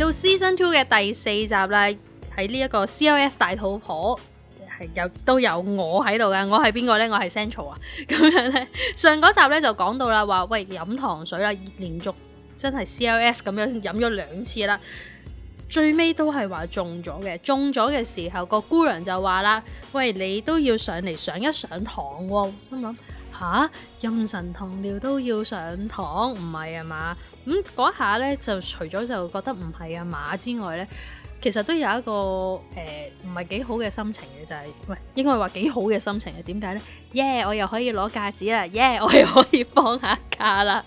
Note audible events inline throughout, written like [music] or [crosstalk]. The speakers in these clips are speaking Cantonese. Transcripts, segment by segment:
到 season two 嘅第四集啦，喺呢一個 COS 大肚婆係有都有我喺度㗎，我係邊個呢？我係 central 啊，咁樣呢。上嗰集呢就講到啦，話喂，飲糖水啦，連續真係 COS 咁樣飲咗兩次啦，最尾都係話中咗嘅，中咗嘅時候，個姑娘就話啦，喂，你都要上嚟上一上堂喎，心諗。吓，任神同僚都要上堂，唔係啊嘛？咁嗰下咧就除咗就覺得唔係啊嘛之外咧，其實都有一個誒唔係幾好嘅心情嘅，就係唔係應該話幾好嘅心情嘅？點解咧？耶，我又可以攞架子啦，耶，我又可以放下架啦。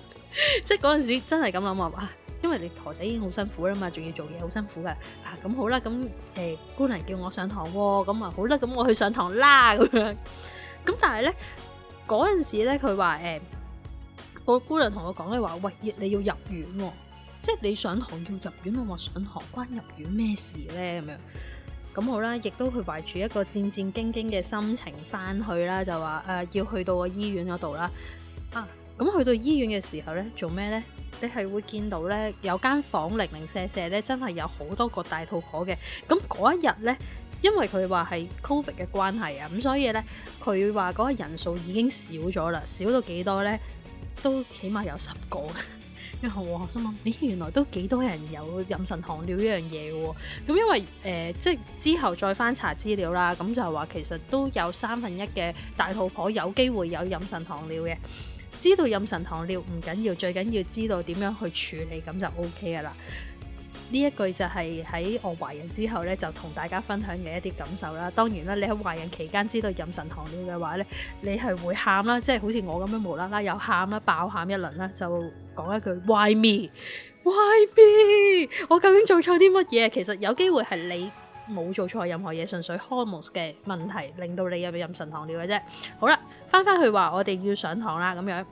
即係嗰陣時真係咁諗啊，哇！因為你陀仔已經好辛苦啦嘛，仲要做嘢好辛苦噶。啊，咁好啦，咁誒，姑娘叫我上堂，咁啊好啦，咁我去上堂啦，咁樣。咁但係咧。嗰陣時咧，佢話誒，個、欸、姑娘同我講咧話，喂，你要入院喎。哦，即係你上學要入院。我話上學關入院咩事咧？咁樣，咁好啦，亦都係懷住一個戰戰兢兢嘅心情翻去啦，就話誒、呃、要去到個醫院嗰度啦。啊，咁去到醫院嘅時候咧，做咩咧？你係會見到咧有間房零零舍舍咧，真係有好多個大肚婆嘅。咁嗰一日咧。因為佢話係 covid 嘅關係啊，咁所以呢，佢話嗰個人數已經少咗啦，少到幾多呢？都起碼有十個。 [laughs] 然後我心諗，咦，原來都幾多人有妊娠糖尿呢樣嘢喎？咁因為誒、呃，即係之後再翻查資料啦。咁就話其實都有三分一嘅大肚婆有機會有妊娠糖尿嘅。知道妊娠糖尿唔緊要，最緊要知道點樣去處理，咁就 O K 㗎啦。呢一句就係喺我懷孕之後咧，就同大家分享嘅一啲感受啦。當然啦，你喺懷孕期間知道妊娠糖尿嘅話咧，你係會喊啦，即係好似我咁樣無啦啦又喊啦，爆喊一輪啦，就講一句 Why me？Why me？Why me 我究竟做錯啲乜嘢？其實有機會係你冇做錯任何嘢，純粹荷爾蒙嘅問題令到你入到妊娠糖尿嘅啫。好啦，翻返去話我哋要上堂啦咁樣。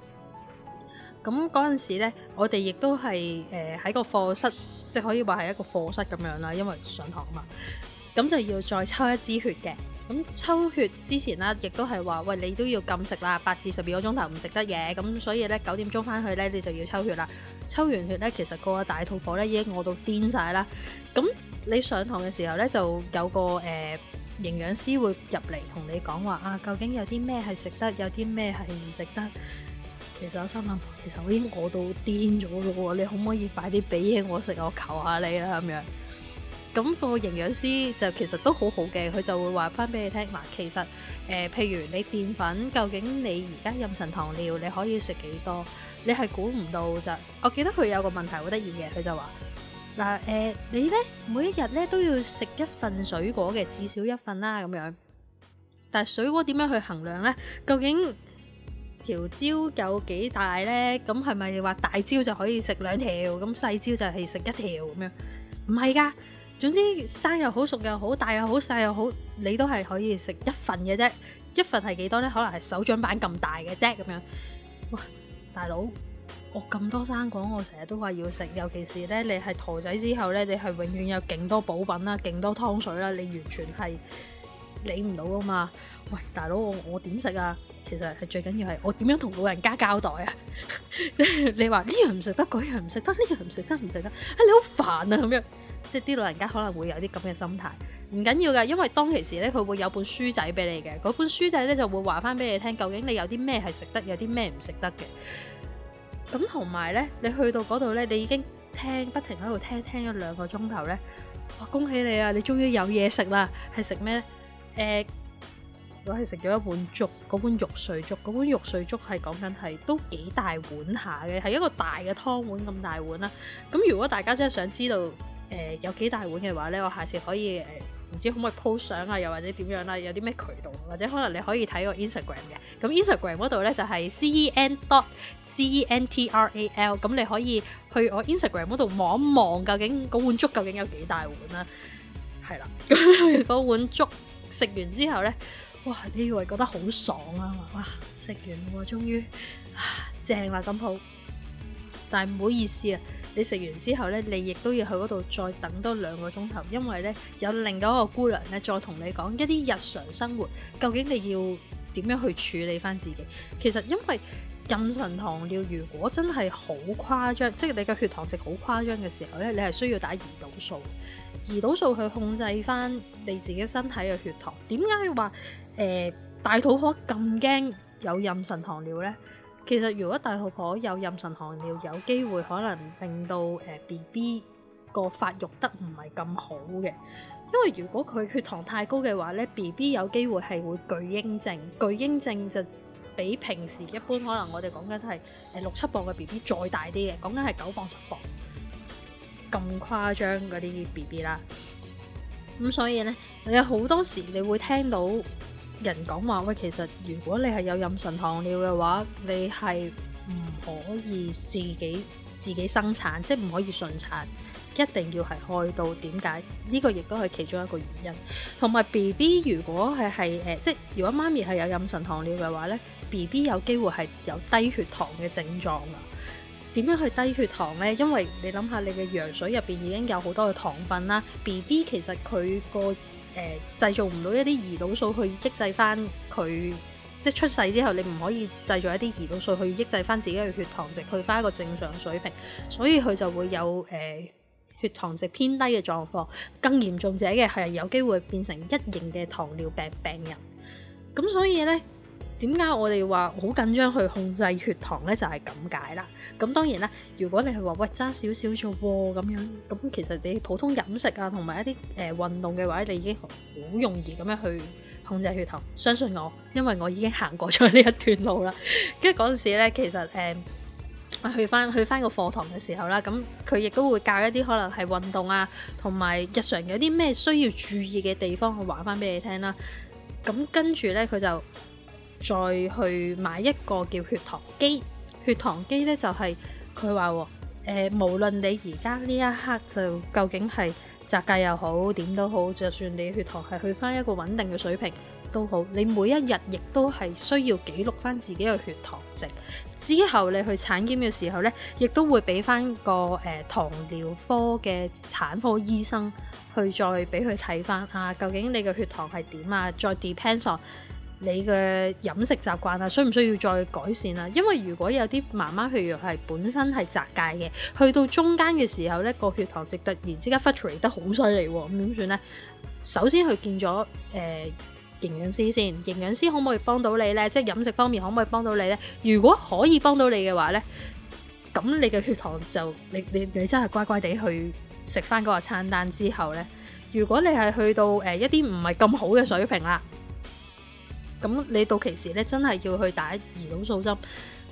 咁嗰陣時咧，我哋亦都係誒喺個課室，即係可以話係一個課室咁樣啦，因為上堂啊嘛。咁就要再抽一支血嘅。咁抽血之前咧，亦都係話：喂，你都要禁食啦，八至十二個鐘頭唔食得嘢。咁所以呢，九點鐘翻去呢，你就要抽血啦。抽完血呢，其實個大肚婆呢已經餓到癲晒啦。咁你上堂嘅時候呢，就有個誒、呃、營養師會入嚟同你講話啊，究竟有啲咩係食得，有啲咩係唔食得。其實我心諗，其實我已經我都癲咗咯，你可唔可以快啲俾嘢我食，我求下你啦咁樣。咁、那個營養師就其實都好好嘅，佢就會話翻俾你聽嗱、啊，其實誒、呃，譬如你澱粉，究竟你而家任神糖尿，你可以食幾多？你係估唔到咋？我記得佢有個問題好得意嘅，佢就話嗱誒，你呢每一日呢都要食一份水果嘅，至少一份啦咁樣。但係水果點樣去衡量呢？究竟？條蕉有幾大咧？咁係咪話大蕉就可以食兩條？咁細蕉就係食一條咁樣？唔係㗎，總之生又好熟又好，大又好細又好，你都係可以食一份嘅啫。一份係幾多咧？可能係手掌板咁大嘅啫咁樣。哇，大佬，我咁多生果，我成日都話要食，尤其是咧，你係陀仔之後咧，你係永遠有勁多補品啦，勁多湯水啦，你完全係。理唔到吖嘛？喂，大佬，我我點食啊？其實係最緊要係我點樣同老人家交代啊？你話呢樣唔食得，嗰樣唔食得，呢樣唔食得，唔食得，哎，你好煩啊！咁樣，即係啲老人家可能會有啲咁嘅心態。唔緊要噶，因為當其時咧，佢會有本書仔俾你嘅。嗰本書仔咧就會話翻俾你聽，究竟你有啲咩係食得，有啲咩唔食得嘅。咁同埋咧，你去到嗰度咧，你已經聽不停喺度聽，聽咗兩個鐘頭咧，哇！恭喜你啊，你終於有嘢食啦！係食咩咧？誒、呃，我係食咗一碗粥，嗰碗肉碎粥，嗰碗肉碎粥係講緊係都幾大碗下嘅，係一個大嘅湯碗咁大碗啦。咁如果大家真係想知道誒、呃、有幾大碗嘅話咧，我下次可以誒唔、呃、知可唔可以 po 相啊，又或者點樣啦，有啲咩渠道，或者可能你可以睇我 Instagram 嘅。咁 Instagram 嗰度咧就係 cen dot c e n, c e n t r a l，咁你可以去我 Instagram 嗰度望一望，究竟嗰碗粥究竟有幾大碗啦。係啦，嗰碗粥。食完之後呢，哇！你以為覺得好爽啊嘛？哇！食完喎，終於正啦咁好。但係唔好意思啊，你食完之後呢，你亦都要去嗰度再等多兩個鐘頭，因為呢，有另一個姑娘呢，再同你講一啲日常生活究竟你要點樣去處理返自己。其實因為妊娠糖尿如果真係好誇張，即係你嘅血糖值好誇張嘅時候呢，你係需要打胰島素。胰島素去控制翻你自己身體嘅血糖，點解要話誒大肚婆咁驚有妊娠糖尿呢？其實如果大肚婆有妊娠糖尿，有機會可能令到誒 BB 個發育得唔係咁好嘅，因為如果佢血糖太高嘅話呢，BB 有機會係會巨嬰症，巨嬰症就比平時一般可能我哋講緊係誒六七磅嘅 BB 再大啲嘅，講緊係九磅十磅。咁誇張嗰啲 B B 啦，咁所以呢，有好多時你會聽到人講話喂，其實如果你係有妊娠糖尿嘅話，你係唔可以自己自己生產，即係唔可以順產，一定要係開刀。點解？呢個亦都係其中一個原因。同埋 B B 如果係係誒，即如果媽咪係有妊娠糖尿嘅話呢 B B 有機會係有低血糖嘅症狀啊。點樣去低血糖呢？因為你諗下，你嘅羊水入邊已經有好多嘅糖分啦。B B 其實佢個誒製造唔到一啲胰島素去抑制翻佢，即出世之後你唔可以製造一啲胰島素去抑制翻自己嘅血糖值，去翻一個正常水平，所以佢就會有誒、呃、血糖值偏低嘅狀況。更嚴重者嘅係有機會變成一型嘅糖尿病病人。咁所以呢。點解我哋話好緊張去控制血糖呢？就係咁解啦。咁當然啦，如果你係話喂爭少少咗咁樣，咁其實你普通飲食啊，同埋一啲誒運動嘅話，你已經好容易咁樣去控制血糖。相信我，因為我已經行過咗呢一段路啦。跟住嗰陣時呢，其實誒、呃、去翻去翻個課堂嘅時候啦，咁佢亦都會教一啲可能係運動啊，同埋日常有啲咩需要注意嘅地方，我話翻俾你聽啦。咁跟住呢，佢就。再去買一個叫血糖機，血糖機呢，就係佢話誒，無論你而家呢一刻就究竟係雜計又好點都好，就算你血糖係去翻一個穩定嘅水平都好，你每一日亦都係需要記錄翻自己嘅血糖值。之後你去產檢嘅時候呢，亦都會俾翻個誒、呃、糖尿科嘅產科醫生去再俾佢睇翻啊，究竟你嘅血糖係點啊？再 depends on 你嘅飲食習慣啊，需唔需要再改善啊？因為如果有啲媽媽，譬如係本身係雜戒嘅，去到中間嘅時候呢，個血糖值突然之間忽垂得好犀利喎，咁點算呢？首先去見咗誒營養師先，營養師可唔可以幫到你呢？即係飲食方面可唔可以幫到你呢？如果可以幫到你嘅話呢，咁你嘅血糖就你你你真係乖乖地去食返嗰個餐單之後呢。如果你係去到誒、呃、一啲唔係咁好嘅水平啦。咁你到其時咧，真係要去打胰島素針。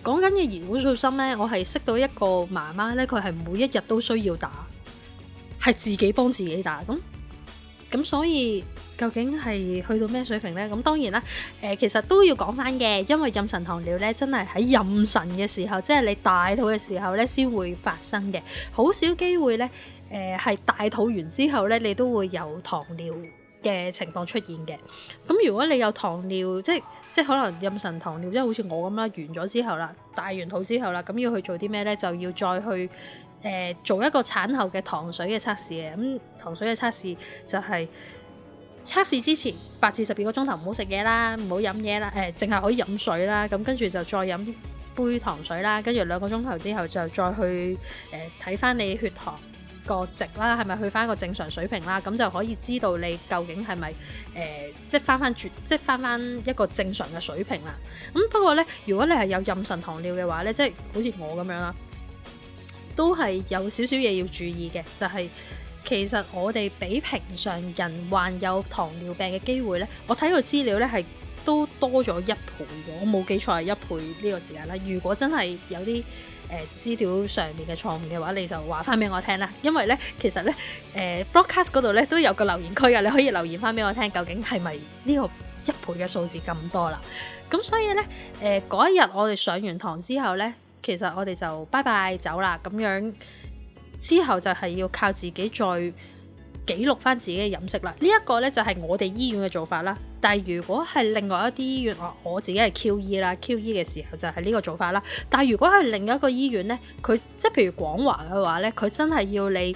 講緊嘅胰島素針咧，我係識到一個媽媽咧，佢係每一日都需要打，係自己幫自己打。咁咁所以究竟係去到咩水平咧？咁當然啦，誒其實都要講翻嘅，因為妊娠糖尿咧真係喺妊娠嘅時候，即係你大肚嘅時候咧先會發生嘅，好少機會咧誒係大肚完之後咧你都會有糖尿嘅情況出現嘅，咁、嗯、如果你有糖尿，即係即係可能妊娠糖尿，即係好似我咁啦，完咗之後啦，大完肚之後啦，咁要去做啲咩呢？就要再去誒、呃、做一個產後嘅糖水嘅測試嘅，咁、嗯、糖水嘅測試就係、是、測試之前八至十二個鐘頭唔好食嘢啦，唔好飲嘢啦，誒淨係可以飲水啦，咁跟住就再飲杯糖水啦，跟住兩個鐘頭之後就再去誒睇返你血糖。個值啦，係咪去翻一個正常水平啦？咁就可以知道你究竟係咪誒，即係翻翻轉，即係翻翻一個正常嘅水平啦。咁、嗯、不過呢，如果你係有妊娠糖尿嘅話呢，即、就、係、是、好似我咁樣啦，都係有少少嘢要注意嘅。就係、是、其實我哋比平常人患有糖尿病嘅機會呢，我睇個資料呢係，都多咗一倍嘅，我冇記錯係一倍呢個時間啦。如果真係有啲誒，資料上面嘅錯誤嘅話，你就話翻俾我聽啦。因為呢，其實呢誒 broadcast 嗰度呢都有個留言區嘅，你可以留言翻俾我聽，究竟係咪呢個一倍嘅數字咁多啦？咁所以呢，誒嗰一日我哋上完堂之後呢，其實我哋就拜拜走啦，咁樣之後就係要靠自己再記錄翻自己嘅飲食啦。呢一個呢，就係我哋醫院嘅做法啦。但係如果係另外一啲醫院，我我自己係 QE 啦，QE 嘅時候就係呢個做法啦。但係如果係另一個醫院呢，佢即係譬如廣華嘅話呢，佢真係要你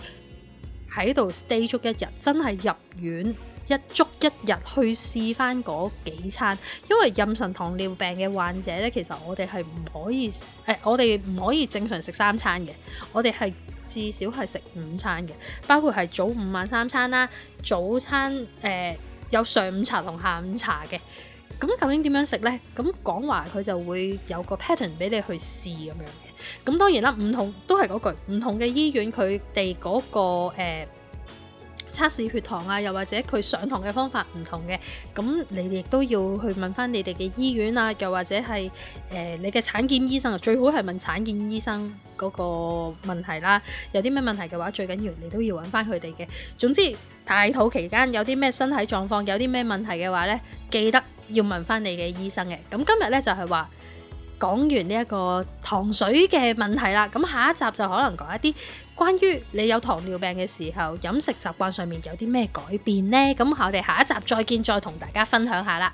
喺度 stay 足一日，真係入院一足一日去試翻嗰幾餐，因為妊娠糖尿病嘅患者呢，其實我哋係唔可以誒、呃，我哋唔可以正常食三餐嘅，我哋係至少係食五餐嘅，包括係早午晚三餐啦，早餐誒。呃有上午茶同下午茶嘅，咁究竟點樣食呢？咁講話佢就會有個 pattern 俾你去試咁樣嘅。咁當然啦，唔同都係嗰句，唔同嘅醫院佢哋嗰個誒、呃、測試血糖啊，又或者佢上堂嘅方法唔同嘅，咁你哋都要去問翻你哋嘅醫院啊，又或者係誒、呃、你嘅產檢醫生啊，最好係問產檢醫生嗰個問題啦。有啲咩問題嘅話，最緊要你都要揾翻佢哋嘅。總之。大肚期間有啲咩身體狀況，有啲咩問題嘅話呢，記得要問返你嘅醫生嘅。咁今日呢就係話講完呢一個糖水嘅問題啦。咁下一集就可能講一啲關於你有糖尿病嘅時候飲食習慣上面有啲咩改變呢。咁我哋下一集再見，再同大家分享下啦。